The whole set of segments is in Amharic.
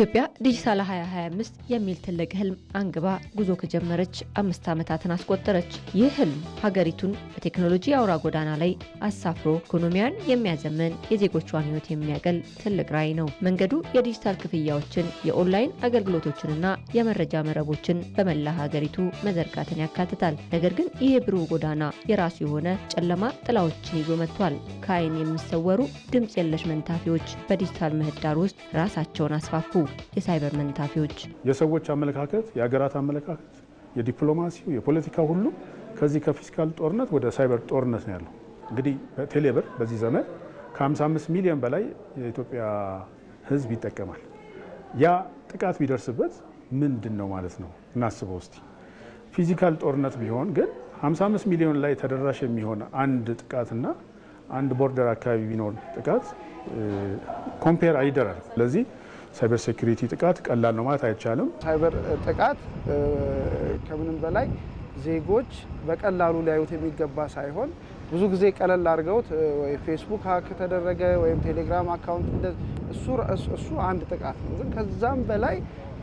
ኢትዮጵያ ዲጂታል 2025 የሚል ትልቅ ህልም አንግባ ጉዞ ከጀመረች አምስት ዓመታትን አስቆጠረች። ይህ ህልም ሀገሪቱን በቴክኖሎጂ አውራ ጎዳና ላይ አሳፍሮ ኢኮኖሚያን የሚያዘመን የዜጎቿን ህይወት የሚያቀል ትልቅ ራዕይ ነው። መንገዱ የዲጂታል ክፍያዎችን፣ የኦንላይን አገልግሎቶችንና የመረጃ መረቦችን በመላ ሀገሪቱ መዘርጋትን ያካትታል። ነገር ግን ይህ ብሩህ ጎዳና የራሱ የሆነ ጨለማ ጥላዎችን ይዞ መጥቷል። ከአይን የሚሰወሩ ድምፅ የለሽ መንታፊዎች በዲጂታል ምህዳር ውስጥ ራሳቸውን አስፋፉ። የሳይበር መንታፊዎች። የሰዎች አመለካከት፣ የሀገራት አመለካከት፣ የዲፕሎማሲው፣ የፖለቲካ ሁሉ ከዚህ ከፊስካል ጦርነት ወደ ሳይበር ጦርነት ነው ያለው። እንግዲህ ቴሌብር በዚህ ዘመን ከ55 ሚሊዮን በላይ የኢትዮጵያ ሕዝብ ይጠቀማል። ያ ጥቃት ቢደርስበት ምንድን ነው ማለት ነው? እናስበው እስቲ። ፊዚካል ጦርነት ቢሆን ግን 55 ሚሊዮን ላይ ተደራሽ የሚሆን አንድ ጥቃትና አንድ ቦርደር አካባቢ ቢኖር ጥቃት ኮምፔር አይደራል። ስለዚህ ሳይበር ሴኩሪቲ ጥቃት ቀላል ነው ማለት አይቻልም። ሳይበር ጥቃት ከምንም በላይ ዜጎች በቀላሉ ሊያዩት የሚገባ ሳይሆን ብዙ ጊዜ ቀለል አድርገውት ወይ ፌስቡክ ሀክ ተደረገ ወይም ቴሌግራም አካውንት እሱ አንድ ጥቃት ነው። ግን ከዛም በላይ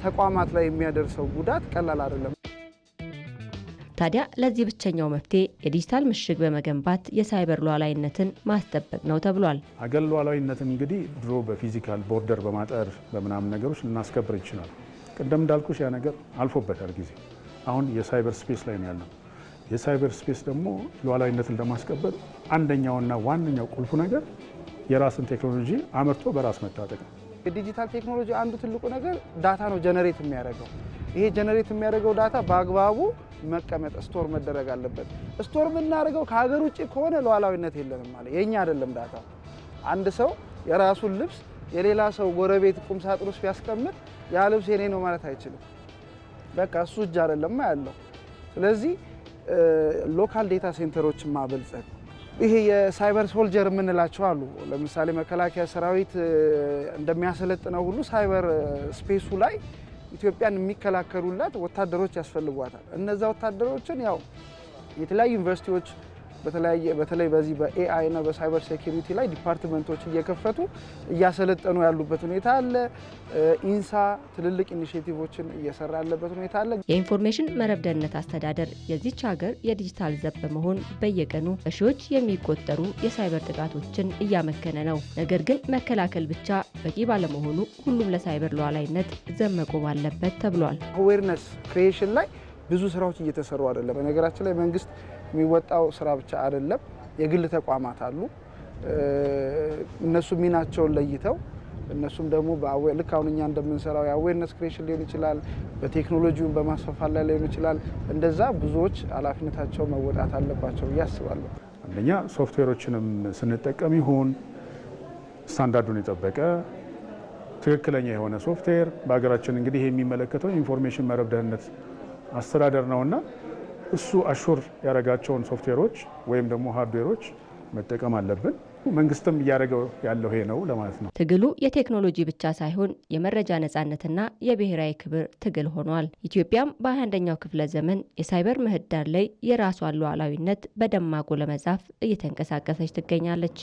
ተቋማት ላይ የሚያደርሰው ጉዳት ቀላል አይደለም። ታዲያ ለዚህ ብቸኛው መፍትሄ የዲጂታል ምሽግ በመገንባት የሳይበር ሉዓላዊነትን ማስጠበቅ ነው ተብሏል። አገር ሉዓላዊነትን እንግዲህ ድሮ በፊዚካል ቦርደር በማጠር በምናምን ነገሮች ልናስከብር ይችላል። ቅደም እንዳልኩሽ ያ ነገር አልፎበታል ጊዜ። አሁን የሳይበር ስፔስ ላይ ነው ያለው። የሳይበር ስፔስ ደግሞ ሉዓላዊነትን ለማስከበር አንደኛውና ዋነኛው ቁልፉ ነገር የራስን ቴክኖሎጂ አምርቶ በራስ መታጠቅ ነው። የዲጂታል ቴክኖሎጂ አንዱ ትልቁ ነገር ዳታ ነው ጀነሬት የሚያደርገው ይሄ ጀነሬት የሚያደርገው ዳታ በአግባቡ መቀመጥ ስቶር መደረግ አለበት። ስቶር የምናደርገው ከሀገር ውጭ ከሆነ ሉዓላዊነት የለንም ማለት የእኛ አይደለም። ዳታ አንድ ሰው የራሱን ልብስ የሌላ ሰው ጎረቤት ቁም ሳጥን ውስጥ ቢያስቀምጥ ያ ልብስ የኔ ነው ማለት አይችልም። በቃ እሱ እጅ አይደለም ያለው። ስለዚህ ሎካል ዴታ ሴንተሮችን ማበልጸግ ይሄ የሳይበር ሶልጀር የምንላቸው አሉ። ለምሳሌ መከላከያ ሰራዊት እንደሚያሰለጥነው ሁሉ ሳይበር ስፔሱ ላይ ኢትዮጵያን የሚከላከሉላት ወታደሮች ያስፈልጓታል። እነዛ ወታደሮችን ያው የተለያዩ ዩኒቨርሲቲዎች በተለያየ በተለይ በዚህ በኤአይ እና በሳይበር ሴኪሪቲ ላይ ዲፓርትመንቶች እየከፈቱ እያሰለጠኑ ያሉበት ሁኔታ አለ። ኢንሳ ትልልቅ ኢኒሽቲቮችን እየሰራ ያለበት ሁኔታ አለ። የኢንፎርሜሽን መረብ ደህንነት አስተዳደር የዚች ሀገር የዲጂታል ዘብ በመሆን በየቀኑ በሺዎች የሚቆጠሩ የሳይበር ጥቃቶችን እያመከነ ነው። ነገር ግን መከላከል ብቻ በቂ ባለመሆኑ ሁሉም ለሳይበር ሉዓላዊነት ዘብ መቆም አለበት ተብሏል። አዌርነስ ክሪኤሽን ላይ ብዙ ስራዎች እየተሰሩ አይደለም። በነገራችን ላይ መንግስት የሚወጣው ስራ ብቻ አይደለም። የግል ተቋማት አሉ። እነሱ ሚናቸውን ለይተው እነሱም ደግሞ ልክ አሁን እኛ እንደምንሰራው የአዌርነስ ክሬሽን ሊሆን ይችላል፣ በቴክኖሎጂውን በማስፋፋት ላይ ሊሆን ይችላል። እንደዛ ብዙዎች ኃላፊነታቸው መወጣት አለባቸው ብዬ አስባለሁ። አንደኛ ሶፍትዌሮችንም ስንጠቀም ይሁን ስታንዳርዱን የጠበቀ ትክክለኛ የሆነ ሶፍትዌር በሀገራችን እንግዲህ የሚመለከተው ኢንፎርሜሽን መረብ ደህንነት አስተዳደር ነውና እሱ አሹር ያደረጋቸውን ሶፍትዌሮች ወይም ደግሞ ሃርድዌሮች መጠቀም አለብን። መንግስትም እያደረገው ያለው ይሄ ነው ለማለት ነው። ትግሉ የቴክኖሎጂ ብቻ ሳይሆን የመረጃ ነጻነትና የብሔራዊ ክብር ትግል ሆኗል። ኢትዮጵያም በ21ኛው ክፍለ ዘመን የሳይበር ምህዳር ላይ የራሷን ሉዓላዊነት በደማቁ ለመጻፍ እየተንቀሳቀሰች ትገኛለች።